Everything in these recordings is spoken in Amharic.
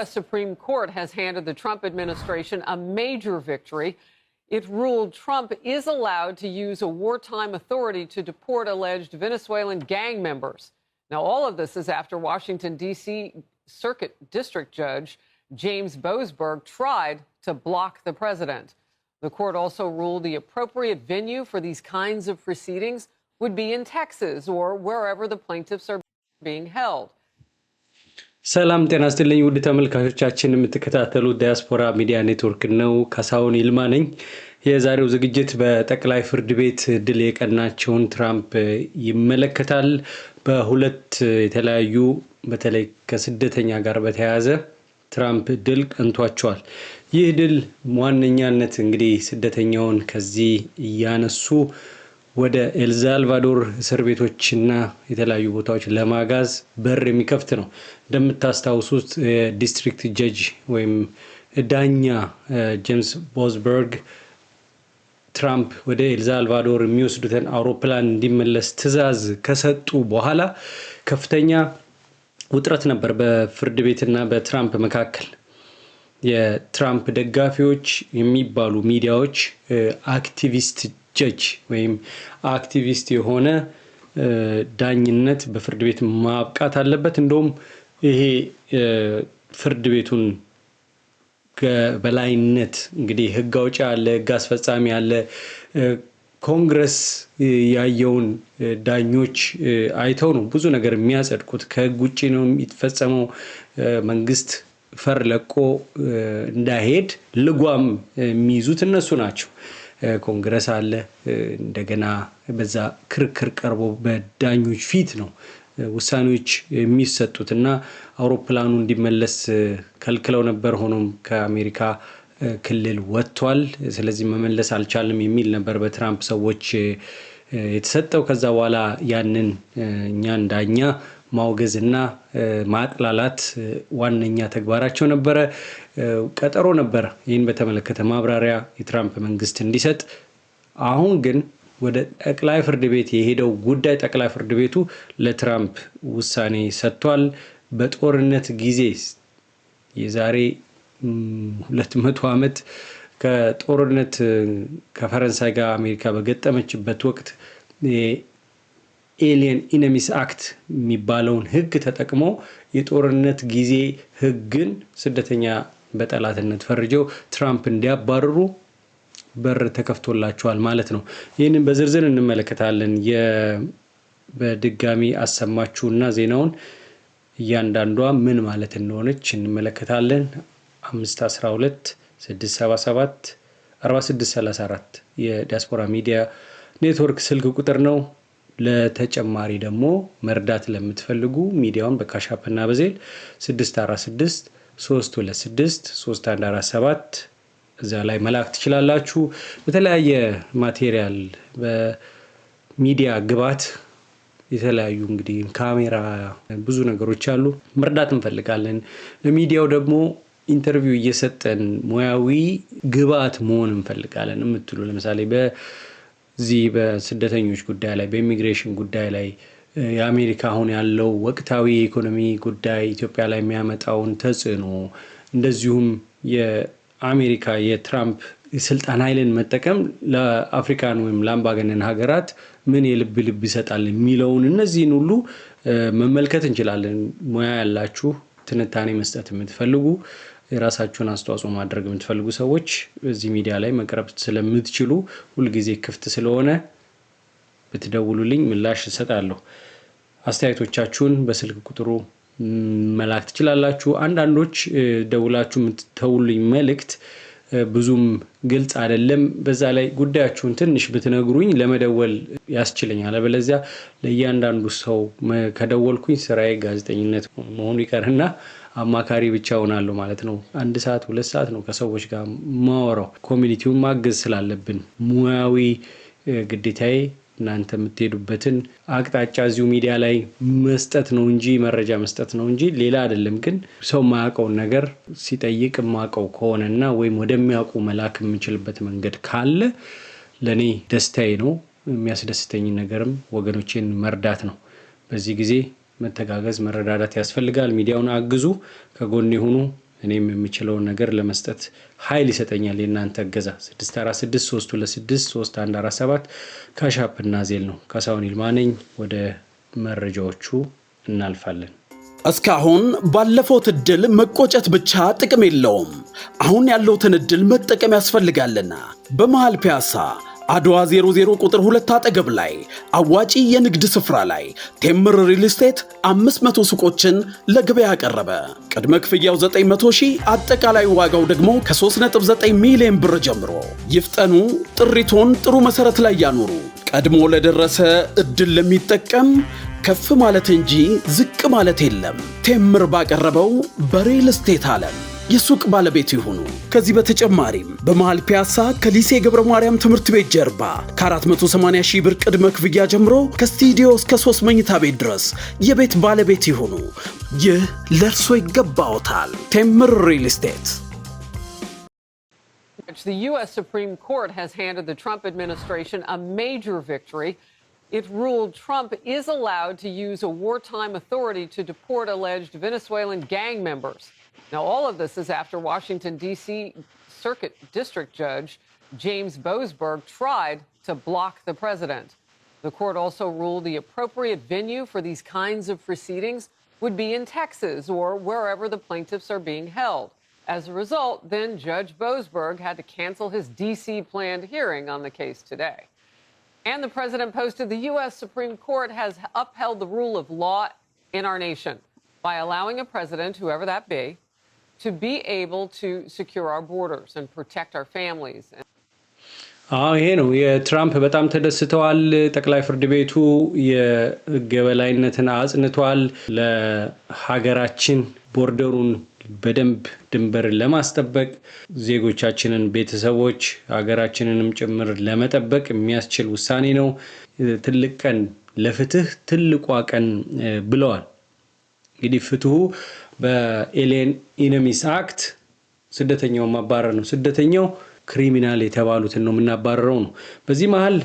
U.S. Supreme Court has handed the Trump administration a major victory. It ruled Trump is allowed to use a wartime authority to deport alleged Venezuelan gang members. Now, all of this is after Washington, D.C. Circuit District Judge James Boasberg tried to block the president. The court also ruled the appropriate venue for these kinds of proceedings would be in Texas or wherever the plaintiffs are being held. ሰላም ጤና ስትልኝ ውድ ተመልካቾቻችን፣ የምትከታተሉት ዲያስፖራ ሚዲያ ኔትወርክ ነው። ካሳሁን ይልማ ነኝ። የዛሬው ዝግጅት በጠቅላይ ፍርድ ቤት ድል የቀናቸውን ትራምፕ ይመለከታል። በሁለት የተለያዩ በተለይ ከስደተኛ ጋር በተያያዘ ትራምፕ ድል ቀንቷቸዋል። ይህ ድል ዋነኛነት እንግዲህ ስደተኛውን ከዚህ እያነሱ ወደ ኤልዛልቫዶር እስር ቤቶችና የተለያዩ ቦታዎች ለማጋዝ በር የሚከፍት ነው። እንደምታስታውሱት የዲስትሪክት ጀጅ ወይም ዳኛ ጄምስ ቦዝበርግ ትራምፕ ወደ ኤልዛልቫዶር የሚወስዱትን አውሮፕላን እንዲመለስ ትዕዛዝ ከሰጡ በኋላ ከፍተኛ ውጥረት ነበር በፍርድ ቤትና በትራምፕ መካከል። የትራምፕ ደጋፊዎች የሚባሉ ሚዲያዎች አክቲቪስት ጀጅ ወይም አክቲቪስት የሆነ ዳኝነት በፍርድ ቤት ማብቃት አለበት። እንደውም ይሄ ፍርድ ቤቱን በላይነት እንግዲህ ህግ አውጪ አለ፣ ህግ አስፈጻሚ አለ። ኮንግረስ ያየውን ዳኞች አይተው ነው ብዙ ነገር የሚያጸድቁት። ከህግ ውጭ ነው የሚፈጸመው። መንግስት ፈር ለቆ እንዳይሄድ ልጓም የሚይዙት እነሱ ናቸው። ኮንግረስ አለ። እንደገና በዛ ክርክር ቀርቦ በዳኞች ፊት ነው ውሳኔዎች የሚሰጡት እና አውሮፕላኑ እንዲመለስ ከልክለው ነበር። ሆኖም ከአሜሪካ ክልል ወጥቷል። ስለዚህ መመለስ አልቻልም የሚል ነበር በትራምፕ ሰዎች የተሰጠው። ከዛ በኋላ ያንን እኛን ዳኛ ማውገዝና ማጥላላት ዋነኛ ተግባራቸው ነበረ። ቀጠሮ ነበረ ይህን በተመለከተ ማብራሪያ የትራምፕ መንግስት እንዲሰጥ። አሁን ግን ወደ ጠቅላይ ፍርድ ቤት የሄደው ጉዳይ ጠቅላይ ፍርድ ቤቱ ለትራምፕ ውሳኔ ሰጥቷል። በጦርነት ጊዜ የዛሬ ሁለት መቶ ዓመት ከጦርነት ከፈረንሳይ ጋር አሜሪካ በገጠመችበት ወቅት የኤሊየን ኢነሚስ አክት የሚባለውን ህግ ተጠቅሞ የጦርነት ጊዜ ህግን ስደተኛ በጠላትነት ፈርጀው ትራምፕ እንዲያባርሩ በር ተከፍቶላቸዋል ማለት ነው። ይህንን በዝርዝር እንመለከታለን። በድጋሚ አሰማችሁና ዜናውን እያንዳንዷ ምን ማለት እንደሆነች እንመለከታለን። 512 አስራ የዲያስፖራ ሚዲያ ኔትወርክ ስልክ ቁጥር ነው። ለተጨማሪ ደግሞ መርዳት ለምትፈልጉ ሚዲያውን በካሻፕና በዜል 646? ሶስት ሁለት ስድስት ሶስት አንድ አራት ሰባት እዛ ላይ መላክ ትችላላችሁ። በተለያየ ማቴሪያል በሚዲያ ግብዓት የተለያዩ እንግዲህ ካሜራ፣ ብዙ ነገሮች አሉ። መርዳት እንፈልጋለን። ለሚዲያው ደግሞ ኢንተርቪው እየሰጠን ሙያዊ ግብዓት መሆን እንፈልጋለን የምትሉ ለምሳሌ በዚህ በስደተኞች ጉዳይ ላይ በኢሚግሬሽን ጉዳይ ላይ የአሜሪካ አሁን ያለው ወቅታዊ የኢኮኖሚ ጉዳይ ኢትዮጵያ ላይ የሚያመጣውን ተጽዕኖ እንደዚሁም የአሜሪካ የትራምፕ የስልጣን ኃይልን መጠቀም ለአፍሪካን ወይም ለአምባገነን ሀገራት ምን የልብ ልብ ይሰጣል የሚለውን እነዚህን ሁሉ መመልከት እንችላለን። ሙያ ያላችሁ ትንታኔ መስጠት የምትፈልጉ የራሳችሁን አስተዋጽኦ ማድረግ የምትፈልጉ ሰዎች በዚህ ሚዲያ ላይ መቅረብ ስለምትችሉ ሁልጊዜ ክፍት ስለሆነ ብትደውሉልኝ ምላሽ እሰጣለሁ። አስተያየቶቻችሁን በስልክ ቁጥሩ መላክ ትችላላችሁ። አንዳንዶች ደውላችሁ የምትተውልኝ መልእክት ብዙም ግልጽ አይደለም። በዛ ላይ ጉዳያችሁን ትንሽ ብትነግሩኝ ለመደወል ያስችለኛል። አለበለዚያ ለእያንዳንዱ ሰው ከደወልኩኝ ስራዬ ጋዜጠኝነት መሆኑ ይቀርና አማካሪ ብቻ ሆናለሁ ማለት ነው። አንድ ሰዓት ሁለት ሰዓት ነው ከሰዎች ጋር ማወራው። ኮሚኒቲውን ማገዝ ስላለብን ሙያዊ ግዴታዬ እናንተ የምትሄዱበትን አቅጣጫ እዚሁ ሚዲያ ላይ መስጠት ነው እንጂ መረጃ መስጠት ነው እንጂ ሌላ አይደለም። ግን ሰው የማያውቀውን ነገር ሲጠይቅ የማውቀው ከሆነና ወይም ወደሚያውቁ መላክ የምንችልበት መንገድ ካለ ለእኔ ደስታዬ ነው። የሚያስደስተኝ ነገርም ወገኖቼን መርዳት ነው። በዚህ ጊዜ መተጋገዝ፣ መረዳዳት ያስፈልጋል። ሚዲያውን አግዙ፣ ከጎን የሆኑ እኔም የምችለውን ነገር ለመስጠት ኃይል ይሰጠኛል የእናንተ እገዛ። 6463263147 ካሻፕ እና ዜል ነው። ካሳሁን ይልማ ነኝ። ወደ መረጃዎቹ እናልፋለን። እስካሁን ባለፈውት እድል መቆጨት ብቻ ጥቅም የለውም። አሁን ያለውትን እድል መጠቀም ያስፈልጋልና በመሃል ፒያሳ አድዋ 00 ቁጥር 2 አጠገብ ላይ አዋጪ የንግድ ስፍራ ላይ ቴምር ሪል ስቴት 500 ሱቆችን ለገበያ ቀረበ። ቅድመ ክፍያው 900 ሺህ፣ አጠቃላይ ዋጋው ደግሞ ከ3.9 ሚሊዮን ብር ጀምሮ። ይፍጠኑ! ጥሪቶን ጥሩ መሰረት ላይ ያኖሩ። ቀድሞ ለደረሰ እድል ለሚጠቀም ከፍ ማለት እንጂ ዝቅ ማለት የለም። ቴምር ባቀረበው በሪል ስቴት አለም የሱቅ ባለቤት ይሁኑ። ከዚህ በተጨማሪም በመሃል ፒያሳ ከሊሴ ገብረ ማርያም ትምህርት ቤት ጀርባ ከ480 ሺህ ብር ቅድመ ክፍያ ጀምሮ ከስቱዲዮ እስከ ሶስት መኝታ ቤት ድረስ የቤት ባለቤት ይሁኑ። ይህ ለእርሶ ይገባዎታል። ቴምር ሪል ስቴት The U.S. Supreme Court has handed the Trump administration a major victory. It ruled Trump is allowed to use a wartime authority to deport alleged Venezuelan gang members. Now, all of this is after Washington, D.C. Circuit District Judge James Boesberg tried to block the president. The court also ruled the appropriate venue for these kinds of proceedings would be in Texas or wherever the plaintiffs are being held. As a result, then Judge Boesberg had to cancel his D.C. planned hearing on the case today. And the president posted the U.S. Supreme Court has upheld the rule of law in our nation by allowing a president, whoever that be, to be able to secure our borders and protect our families. አዎ ይሄ ነው የትራምፕ በጣም ተደስተዋል። ጠቅላይ ፍርድ ቤቱ የገበላይነትን አጽንቷል። ለሀገራችን ቦርደሩን በደንብ ድንበር ለማስጠበቅ ዜጎቻችንን፣ ቤተሰቦች፣ ሀገራችንንም ጭምር ለመጠበቅ የሚያስችል ውሳኔ ነው። ትልቅ ቀን ለፍትህ፣ ትልቋ ቀን ብለዋል። እንግዲህ ፍትሁ በኤሌን ኢነሚስ አክት ስደተኛውን ማባረር ነው። ስደተኛው ክሪሚናል የተባሉትን ነው የምናባረረው ነው። በዚህ መሀል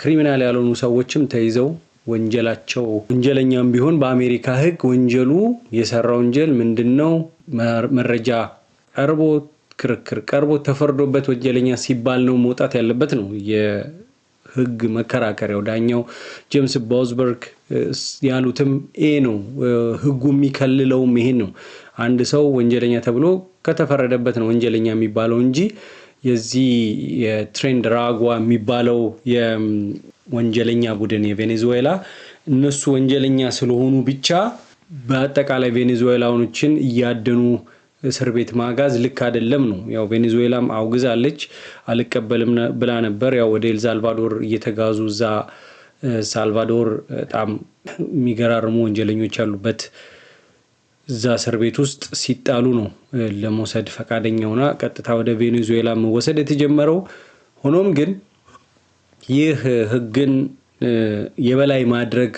ክሪሚናል ያልሆኑ ሰዎችም ተይዘው ወንጀላቸው ወንጀለኛም ቢሆን በአሜሪካ ሕግ ወንጀሉ የሰራ ወንጀል ምንድን ነው መረጃ ቀርቦ ክርክር ቀርቦ ተፈርዶበት ወንጀለኛ ሲባል ነው መውጣት ያለበት ነው የሕግ መከራከሪያው ዳኛው ጄምስ ቦዝበርግ ያሉትም ኤ ነው። ህጉ የሚከልለውም ይሄን ነው። አንድ ሰው ወንጀለኛ ተብሎ ከተፈረደበት ነው ወንጀለኛ የሚባለው እንጂ የዚህ የትሬንድ ራጓ የሚባለው የወንጀለኛ ቡድን የቬኔዙዌላ እነሱ ወንጀለኛ ስለሆኑ ብቻ በአጠቃላይ ቬኔዙዌላውኖችን እያደኑ እስር ቤት ማጋዝ ልክ አይደለም ነው። ያው ቬኔዙዌላም አውግዛለች፣ አልቀበልም ብላ ነበር። ያው ወደ ኤልሳልቫዶር እየተጋዙ እዛ ሳልቫዶር በጣም የሚገራርሙ ወንጀለኞች ያሉበት እዛ እስር ቤት ውስጥ ሲጣሉ ነው ለመውሰድ ፈቃደኛ ሆና ቀጥታ ወደ ቬኔዙዌላ መወሰድ የተጀመረው። ሆኖም ግን ይህ ህግን የበላይ ማድረግ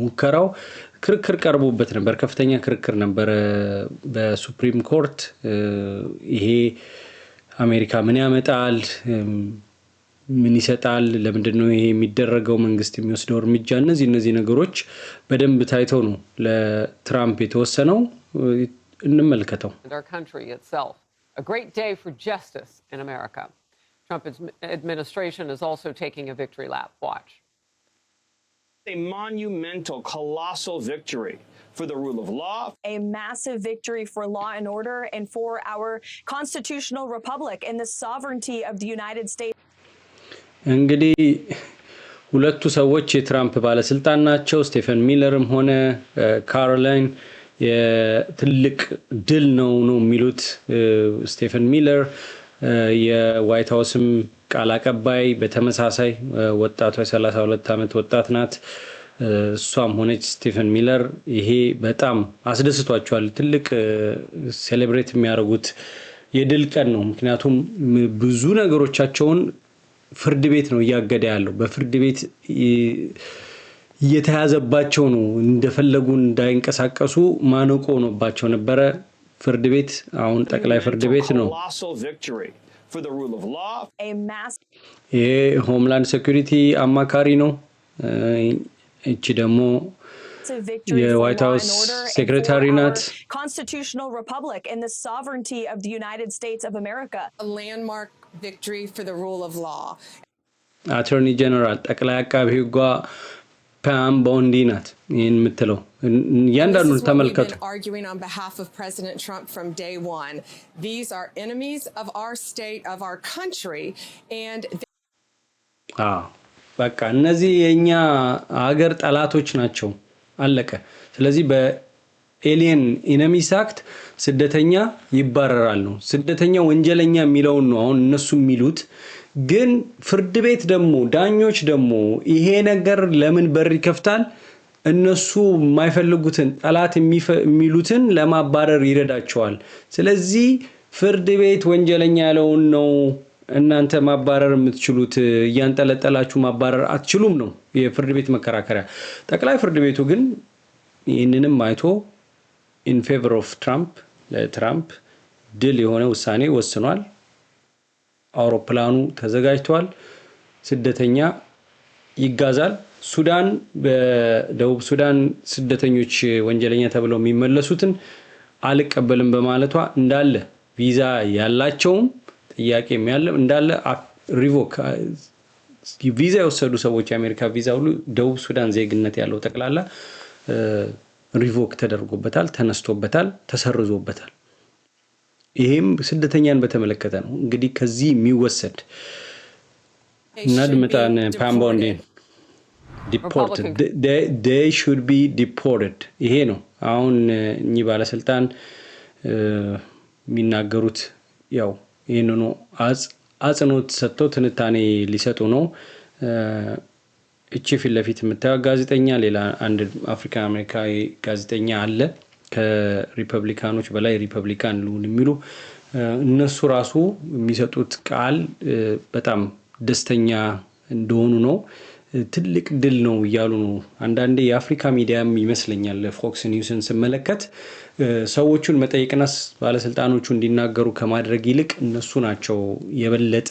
ሙከራው ክርክር ቀርቦበት ነበር። ከፍተኛ ክርክር ነበረ በሱፕሪም ኮርት። ይሄ አሜሪካ ምን ያመጣል ምን ይሰጣል? ለምንድን ነው ይሄ የሚደረገው? መንግስት የሚወስደው እርምጃ፣ እነዚህ እነዚህ ነገሮች በደንብ ታይተው ነው ለትራምፕ የተወሰነው። እንመልከተው። A monumental, colossal victory for the rule of law. A massive victory for law and order and for our constitutional republic and the sovereignty of the United States. እንግዲህ ሁለቱ ሰዎች የትራምፕ ባለስልጣን ናቸው። ስቴፈን ሚለርም ሆነ ካሮላይን የትልቅ ድል ነው ነው የሚሉት ስቴፈን ሚለር የዋይት ሀውስም ቃል አቀባይ በተመሳሳይ ወጣቷ የሰላሳ ሁለት ዓመት ወጣት ናት። እሷም ሆነች ስቴፈን ሚለር ይሄ በጣም አስደስቷቸዋል። ትልቅ ሴሌብሬት የሚያደርጉት የድል ቀን ነው። ምክንያቱም ብዙ ነገሮቻቸውን ፍርድ ቤት ነው እያገደ ያለው። በፍርድ ቤት እየተያዘባቸው ነው። እንደፈለጉ እንዳይንቀሳቀሱ ማነቆ ሆኖባቸው ነበረ። ፍርድ ቤት አሁን ጠቅላይ ፍርድ ቤት ነው። ይሄ ሆምላንድ ሴኩሪቲ አማካሪ ነው። እቺ ደግሞ የዋይት ሀውስ ሴክሬታሪ ናት። ኮንስቲቱሽናል ሪፐብሊክ ኢን ዘ ሶቨረንቲ ኦፍ ዘ ዩናይትድ ስቴትስ ኦፍ አሜሪካ አቶርኒ ጀነራል ጠቅላይ አቃቢ ሕጓ ፓም ቦንዲ ናት ይህን የምትለው። እያንዳንዱ ተመልከቱ። በቃ እነዚህ የእኛ ሀገር ጠላቶች ናቸው። አለቀ። ስለዚህ ኤሊየን ኢነሚሳክት ስደተኛ ይባረራል ነው። ስደተኛ ወንጀለኛ የሚለውን ነው አሁን እነሱ የሚሉት። ግን ፍርድ ቤት ደግሞ ዳኞች ደግሞ ይሄ ነገር ለምን በር ይከፍታል? እነሱ የማይፈልጉትን ጠላት የሚሉትን ለማባረር ይረዳቸዋል። ስለዚህ ፍርድ ቤት ወንጀለኛ ያለውን ነው እናንተ ማባረር የምትችሉት እያንጠለጠላችሁ ማባረር አትችሉም ነው የፍርድ ቤት መከራከሪያ። ጠቅላይ ፍርድ ቤቱ ግን ይህንንም አይቶ ኢን ፌቨር ኦፍ ትራምፕ ለትራምፕ ድል የሆነ ውሳኔ ወስኗል። አውሮፕላኑ ተዘጋጅቷል። ስደተኛ ይጋዛል። ሱዳን በደቡብ ሱዳን ስደተኞች ወንጀለኛ ተብለው የሚመለሱትን አልቀበልም በማለቷ እንዳለ ቪዛ ያላቸውም ጥያቄ የሚያለም እንዳለ ሪቮክ ቪዛ የወሰዱ ሰዎች የአሜሪካ ቪዛ ሁሉ ደቡብ ሱዳን ዜግነት ያለው ጠቅላላ ሪቮክ ተደርጎበታል፣ ተነስቶበታል፣ ተሰርዞበታል። ይሄም ስደተኛን በተመለከተ ነው። እንግዲህ ከዚህ የሚወሰድ ድምጣን ፓምባውንዴ ዲፖርት ዴይ ሹድ ቢ ዲፖርትድ ይሄ ነው አሁን እኚህ ባለስልጣን የሚናገሩት ያው ይህንኑ አጽንኦት ሰጥተው ትንታኔ ሊሰጡ ነው። እቺ ፊት ለፊት የምታየው ጋዜጠኛ ሌላ አንድ አፍሪካን አሜሪካዊ ጋዜጠኛ አለ። ከሪፐብሊካኖች በላይ ሪፐብሊካን ልሁን የሚሉ እነሱ ራሱ የሚሰጡት ቃል በጣም ደስተኛ እንደሆኑ ነው። ትልቅ ድል ነው እያሉ ነው። አንዳንዴ የአፍሪካ ሚዲያም ይመስለኛል ፎክስ ኒውስን ስመለከት ሰዎቹን መጠየቅና ባለስልጣኖቹ እንዲናገሩ ከማድረግ ይልቅ እነሱ ናቸው የበለጠ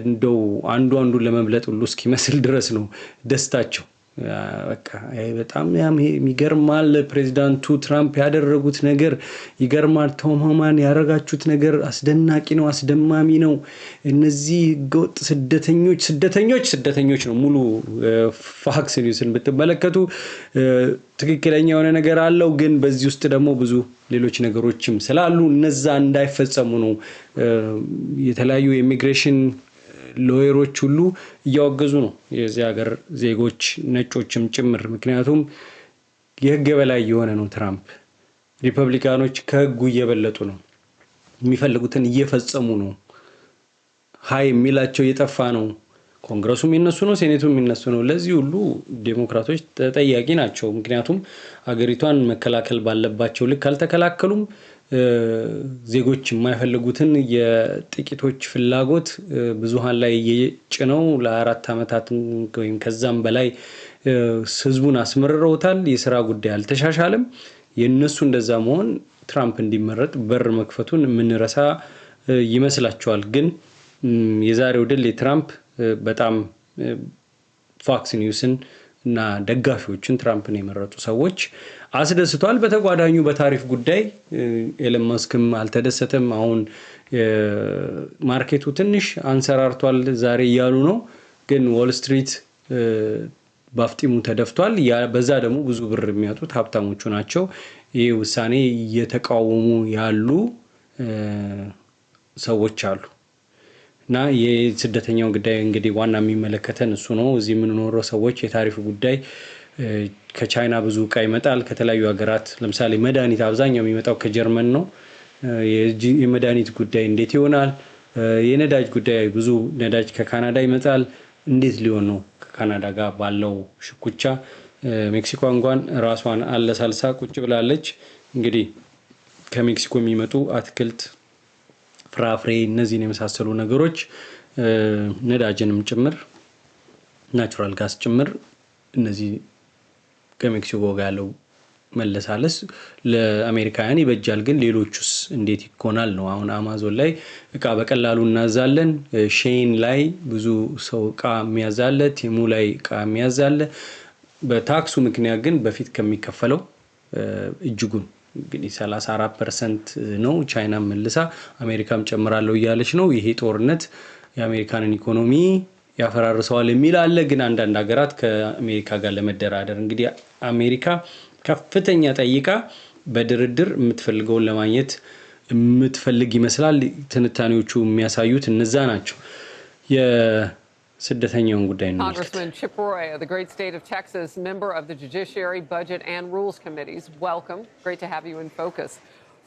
እንደው አንዱ አንዱን ለመብለጥ ሁሉ እስኪመስል ድረስ ነው ደስታቸው። በቃ በጣም ይገርማል። ፕሬዚዳንቱ ትራምፕ ያደረጉት ነገር ይገርማል። ቶማማን ያደረጋችሁት ነገር አስደናቂ ነው፣ አስደማሚ ነው። እነዚህ ህገወጥ ስደተኞች ስደተኞች ስደተኞች ነው። ሙሉ ፋክስ ኒውስን ብትመለከቱ ትክክለኛ የሆነ ነገር አለው፣ ግን በዚህ ውስጥ ደግሞ ብዙ ሌሎች ነገሮችም ስላሉ እነዛ እንዳይፈጸሙ ነው የተለያዩ የኢሚግሬሽን ሎየሮች ሁሉ እያወገዙ ነው የዚህ ሀገር ዜጎች ነጮችም ጭምር። ምክንያቱም የህግ የበላይ የሆነ ነው ትራምፕ። ሪፐብሊካኖች ከህጉ እየበለጡ ነው፣ የሚፈልጉትን እየፈጸሙ ነው። ሀይ የሚላቸው እየጠፋ ነው። ኮንግረሱ የሚነሱ ነው፣ ሴኔቱ የሚነሱ ነው። ለዚህ ሁሉ ዴሞክራቶች ተጠያቂ ናቸው። ምክንያቱም አገሪቷን መከላከል ባለባቸው ልክ አልተከላከሉም። ዜጎች የማይፈልጉትን የጥቂቶች ፍላጎት ብዙሀን ላይ ጭነው ለአራት ዓመታት ወይም ከዛም በላይ ህዝቡን አስመርረውታል። የስራ ጉዳይ አልተሻሻለም። የእነሱ እንደዛ መሆን ትራምፕ እንዲመረጥ በር መክፈቱን የምንረሳ ይመስላቸዋል። ግን የዛሬው ድል የትራምፕ በጣም ፎክስ ኒውስን እና ደጋፊዎችን ትራምፕን የመረጡ ሰዎች አስደስቷል። በተጓዳኙ በታሪፍ ጉዳይ ኤለን መስክም አልተደሰተም። አሁን ማርኬቱ ትንሽ አንሰራርቷል ዛሬ እያሉ ነው። ግን ዎል ስትሪት ባፍጢሙ ተደፍቷል። በዛ ደግሞ ብዙ ብር የሚያጡት ሀብታሞቹ ናቸው። ይህ ውሳኔ እየተቃወሙ ያሉ ሰዎች አሉ እና የስደተኛው ጉዳይ እንግዲህ ዋና የሚመለከተን እሱ ነው። እዚህ የምንኖረው ሰዎች የታሪፍ ጉዳይ ከቻይና ብዙ እቃ ይመጣል። ከተለያዩ ሀገራት ለምሳሌ መድኃኒት አብዛኛው የሚመጣው ከጀርመን ነው። የመድኃኒት ጉዳይ እንዴት ይሆናል? የነዳጅ ጉዳይ ብዙ ነዳጅ ከካናዳ ይመጣል። እንዴት ሊሆን ነው? ከካናዳ ጋር ባለው ሽኩቻ ሜክሲኮ እንኳን ራሷን አለሳልሳ ቁጭ ብላለች። እንግዲህ ከሜክሲኮ የሚመጡ አትክልት፣ ፍራፍሬ እነዚህን የመሳሰሉ ነገሮች ነዳጅንም ጭምር ናቹራል ጋስ ጭምር እነዚህ ከሜክሲኮ ጋር ያለው መለሳለስ ለአሜሪካውያን ይበጃል፣ ግን ሌሎቹስ እንዴት ይኮናል ነው። አሁን አማዞን ላይ እቃ በቀላሉ እናዛለን። ሼን ላይ ብዙ ሰው እቃ የሚያዛለ፣ ቲሙ ላይ እቃ የሚያዛለ። በታክሱ ምክንያት ግን በፊት ከሚከፈለው እጅጉን እንግዲህ 34 ፐርሰንት ነው። ቻይና መልሳ አሜሪካም ጨምራለሁ እያለች ነው። ይሄ ጦርነት የአሜሪካንን ኢኮኖሚ ያፈራርሰዋል የሚል አለ። ግን አንዳንድ ሀገራት ከአሜሪካ ጋር ለመደራደር እንግዲህ አሜሪካ ከፍተኛ ጠይቃ በድርድር የምትፈልገውን ለማግኘት የምትፈልግ ይመስላል። ትንታኔዎቹ የሚያሳዩት እነዛ ናቸው። የስደተኛውን ጉዳይ እንመልከት።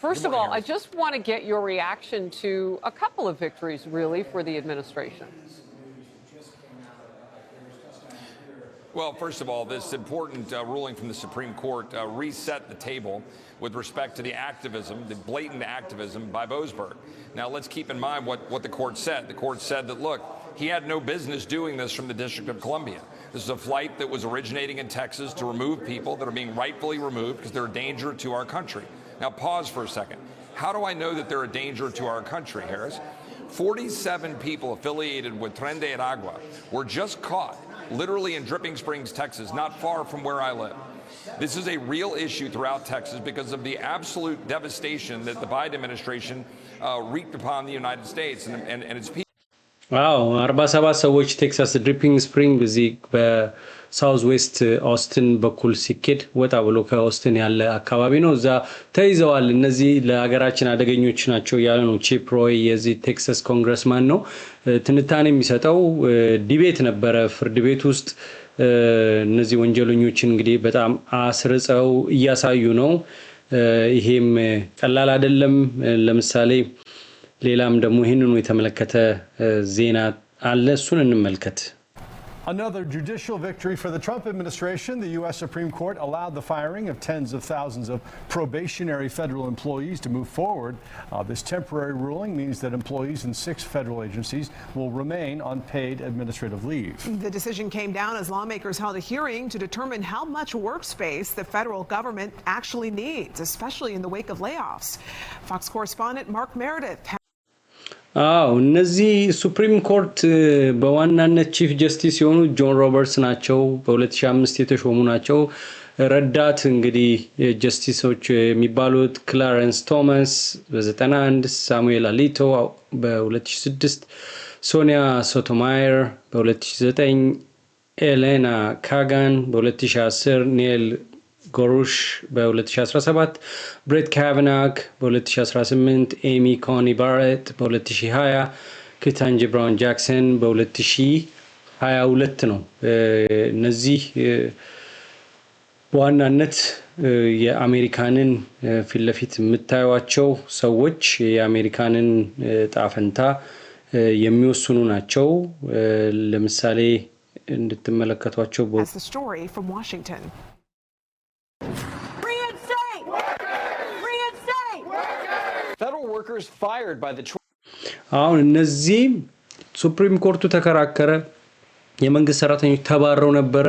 First of all, I just want to get your reaction to a couple of victories, really, for the administration. Well, first of all, this important uh, ruling from the Supreme Court uh, reset the table with respect to the activism, the blatant activism by Boesberg. Now, let's keep in mind what, what the court said. The court said that, look, he had no business doing this from the District of Columbia. This is a flight that was originating in Texas to remove people that are being rightfully removed because they're a danger to our country. Now, pause for a second. How do I know that they're a danger to our country, Harris? 47 people affiliated with Tren de Aragua were just caught literally in Dripping Springs, Texas, not far from where I live. This is a real issue throughout Texas because of the absolute devastation that the Biden administration uh, wreaked upon the United States and, and, and its people. Wow, 47 ሰዎች ቴክሳስ ድሪፒንግ ስፕሪንግ እዚህ ሳውዝ ዌስት ኦስትን በኩል ሲኬድ ወጣ ብሎ ከኦስትን ያለ አካባቢ ነው። እዛ ተይዘዋል። እነዚህ ለሀገራችን አደገኞች ናቸው ያለ ነው። ቺፕ ሮይ የዚህ ቴክሳስ ኮንግረስማን ነው። ትንታኔ የሚሰጠው ዲቤት ነበረ ፍርድ ቤት ውስጥ እነዚህ ወንጀለኞችን እንግዲህ በጣም አስርጸው እያሳዩ ነው። ይሄም ቀላል አይደለም። ለምሳሌ ሌላም ደግሞ ይህንኑ የተመለከተ ዜና አለ። እሱን እንመልከት። Another judicial victory for the Trump administration. The U.S. Supreme Court allowed the firing of tens of thousands of probationary federal employees to move forward. Uh, this temporary ruling means that employees in six federal agencies will remain on paid administrative leave. The decision came down as lawmakers held a hearing to determine how much workspace the federal government actually needs, especially in the wake of layoffs. Fox correspondent Mark Meredith. አዎ እነዚህ ሱፕሪም ኮርት በዋናነት ቺፍ ጀስቲስ የሆኑ ጆን ሮበርትስ ናቸው። በ2005 የተሾሙ ናቸው። ረዳት እንግዲህ ጀስቲሶች የሚባሉት ክላረንስ ቶማስ በ91፣ ሳሙኤል አሊቶ በ2006፣ ሶኒያ ሶቶማየር በ2009፣ ኤሌና ካጋን በ2010፣ ኒል ጎሩሽ በ2017፣ ብሬት ካቨናክ በ2018፣ ኤሚ ኮኒ ባረት በ2020፣ ኪታንጂ ብራውን ጃክሰን በ2022 ነው። እነዚህ በዋናነት የአሜሪካንን ፊት ለፊት የምታዩቸው ሰዎች የአሜሪካንን ጣፈንታ የሚወስኑ ናቸው። ለምሳሌ እንድትመለከቷቸው አሁን እነዚህ ሱፕሪም ኮርቱ ተከራከረ። የመንግስት ሰራተኞች ተባረው ነበረ።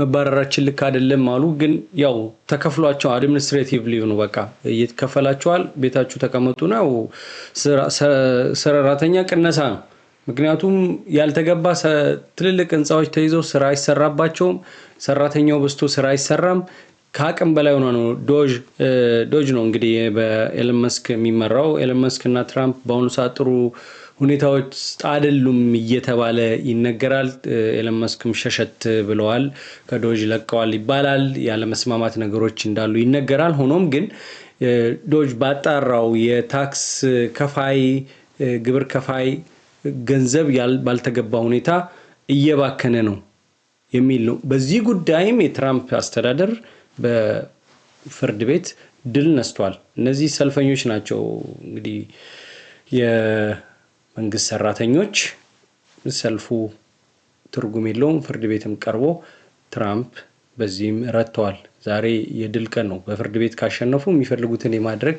መባረራችን ልክ አይደለም አሉ። ግን ያው ተከፍሏቸው አድሚኒስትሬቲቭ ሊቭ ነው በቃ እየተከፈላቸዋል። ቤታችሁ ተቀመጡ ነው። ሰራተኛ ቅነሳ ነው። ምክንያቱም ያልተገባ ትልልቅ ህንፃዎች ተይዘው ስራ አይሰራባቸውም። ሰራተኛው በዝቶ ስራ አይሰራም። ከአቅም በላይ ሆኖ ነው። ዶጅ ዶጅ ነው እንግዲህ በኤለን መስክ የሚመራው። ኤለን መስክ እና ትራምፕ በአሁኑ ሰዓት ጥሩ ሁኔታዎች አይደሉም እየተባለ ይነገራል። ኤለን መስክም ሸሸት ብለዋል፣ ከዶጅ ለቀዋል ይባላል። ያለመስማማት ነገሮች እንዳሉ ይነገራል። ሆኖም ግን ዶጅ ባጣራው የታክስ ከፋይ ግብር ከፋይ ገንዘብ ባልተገባ ሁኔታ እየባከነ ነው የሚል ነው። በዚህ ጉዳይም የትራምፕ አስተዳደር በፍርድ ቤት ድል ነስቷል። እነዚህ ሰልፈኞች ናቸው እንግዲህ የመንግስት ሰራተኞች። ሰልፉ ትርጉም የለውም። ፍርድ ቤትም ቀርቦ ትራምፕ በዚህም ረድተዋል። ዛሬ የድል ቀን ነው። በፍርድ ቤት ካሸነፉ የሚፈልጉትን የማድረግ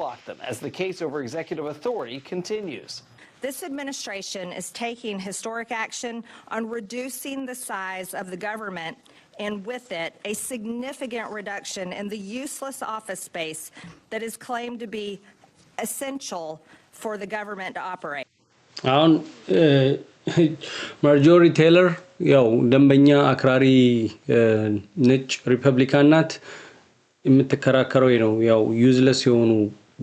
block them as the case over executive authority continues. This administration is taking historic action on reducing the size of the government and with it a significant reduction in the useless office space that is claimed to be essential for the government to operate. አሁን ማርጆሪ ቴይለር ያው ደንበኛ አክራሪ ነጭ ሪፐብሊካን ናት። የምትከራከረው ነው ያው ዩዝለስ የሆኑ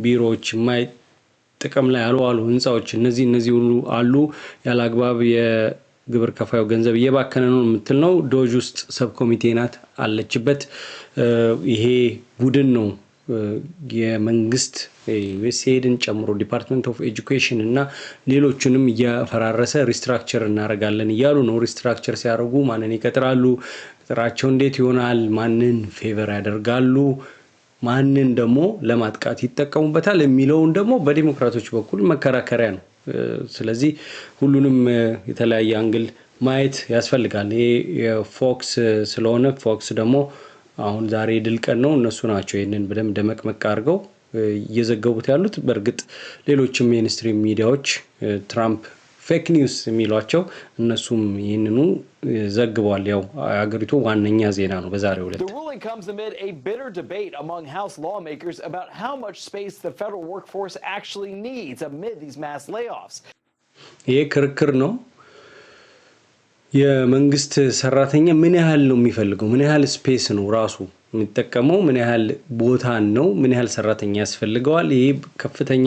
ቢሮዎች ማይ ጥቅም ላይ ያልዋሉ ህንፃዎች እነዚህ እነዚህ ሁሉ አሉ። ያለ አግባብ የግብር ከፋዩ ገንዘብ እየባከነ ነው የምትል ነው። ዶጅ ውስጥ ሰብ ኮሚቴ ናት አለችበት። ይሄ ቡድን ነው የመንግስት ዩኤስኤድን ጨምሮ ዲፓርትመንት ኦፍ ኤጁኬሽን እና ሌሎቹንም እያፈራረሰ ሪስትራክቸር እናደርጋለን እያሉ ነው። ሪስትራክቸር ሲያደርጉ ማንን ይቀጥራሉ? ቅጥራቸው እንዴት ይሆናል? ማንን ፌቨር ያደርጋሉ? ማንን ደግሞ ለማጥቃት ይጠቀሙበታል የሚለውን ደግሞ በዲሞክራቶች በኩል መከራከሪያ ነው። ስለዚህ ሁሉንም የተለያየ አንግል ማየት ያስፈልጋል። ይሄ የፎክስ ስለሆነ ፎክስ ደግሞ አሁን ዛሬ ድል ቀን ነው፣ እነሱ ናቸው ይህንን በደንብ ደመቅመቅ አድርገው እየዘገቡት ያሉት። በእርግጥ ሌሎችም ሜንስትሪም ሚዲያዎች ትራምፕ ፌክ ኒውስ የሚሏቸው እነሱም ይህንኑ ዘግቧል። ያው አገሪቱ ዋነኛ ዜና ነው በዛሬው ዕለት። ይህ ክርክር ነው። የመንግስት ሰራተኛ ምን ያህል ነው የሚፈልገው? ምን ያህል ስፔስ ነው ራሱ የሚጠቀመው? ምን ያህል ቦታን ነው? ምን ያህል ሰራተኛ ያስፈልገዋል? ይህ ከፍተኛ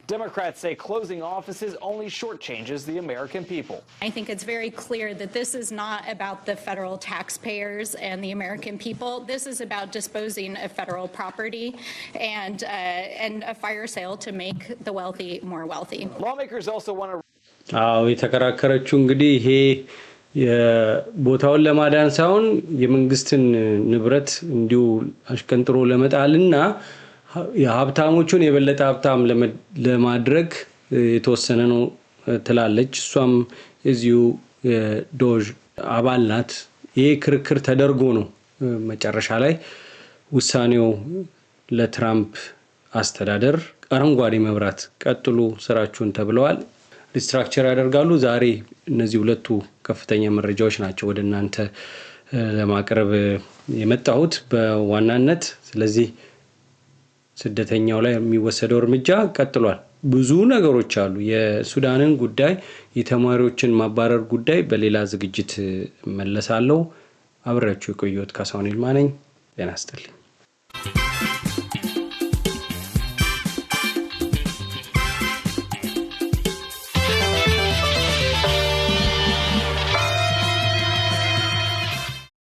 Democrats say closing offices only shortchanges the American people. I think it's very clear that this is not about the federal taxpayers and the American people. This is about disposing of federal property and uh, and a fire sale to make the wealthy more wealthy. Lawmakers also want to. አዎ የተከራከረችው እንግዲህ ይሄ ቦታውን ለማዳን ሳይሆን የመንግስትን ንብረት እንዲሁ አሽቀንጥሮ ለመጣልና የሀብታሞቹን የበለጠ ሀብታም ለማድረግ የተወሰነ ነው ትላለች። እሷም እዚሁ የዶዥ አባል ናት። ይህ ክርክር ተደርጎ ነው መጨረሻ ላይ ውሳኔው ለትራምፕ አስተዳደር አረንጓዴ መብራት፣ ቀጥሉ ስራችሁን ተብለዋል። ሪስትራክቸር ያደርጋሉ። ዛሬ እነዚህ ሁለቱ ከፍተኛ መረጃዎች ናቸው ወደ እናንተ ለማቅረብ የመጣሁት በዋናነት ስለዚህ ስደተኛው ላይ የሚወሰደው እርምጃ ቀጥሏል። ብዙ ነገሮች አሉ። የሱዳንን ጉዳይ፣ የተማሪዎችን ማባረር ጉዳይ በሌላ ዝግጅት መለሳለሁ። አብሬያችሁ የቆየሁት ካሳሁን ይልማ ነኝ። ጤና ይስጥልኝ።